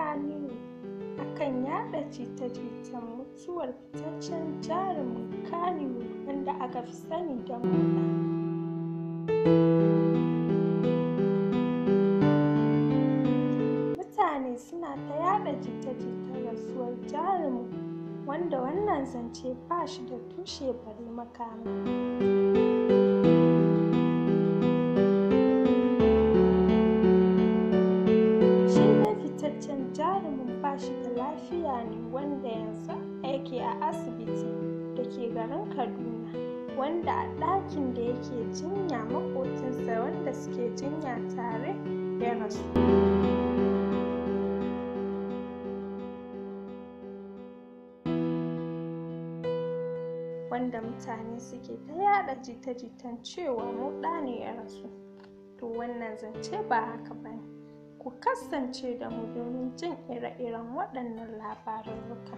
Kamilu akan yaɗa jita-jitan mutuwar fitaccen jarumin Kannywood wanda aka fi sani da Muna. Mutane suna ta yaɗa jita-jitan rasuwar jarumin wanda wannan zance ba shi da tushe bare makama. wanda yanzu aiki a asibiti da ke garin Kaduna, wanda a ɗakin da yake jinya makotinsa wanda suke jinya tare ya rasu. wanda mutane suke ta yada jita-jitan cewa mu ne ya rasu to wannan zance ba haka ba ne. ku kasance da mu domin jin ire-iren waɗannan labarurruka.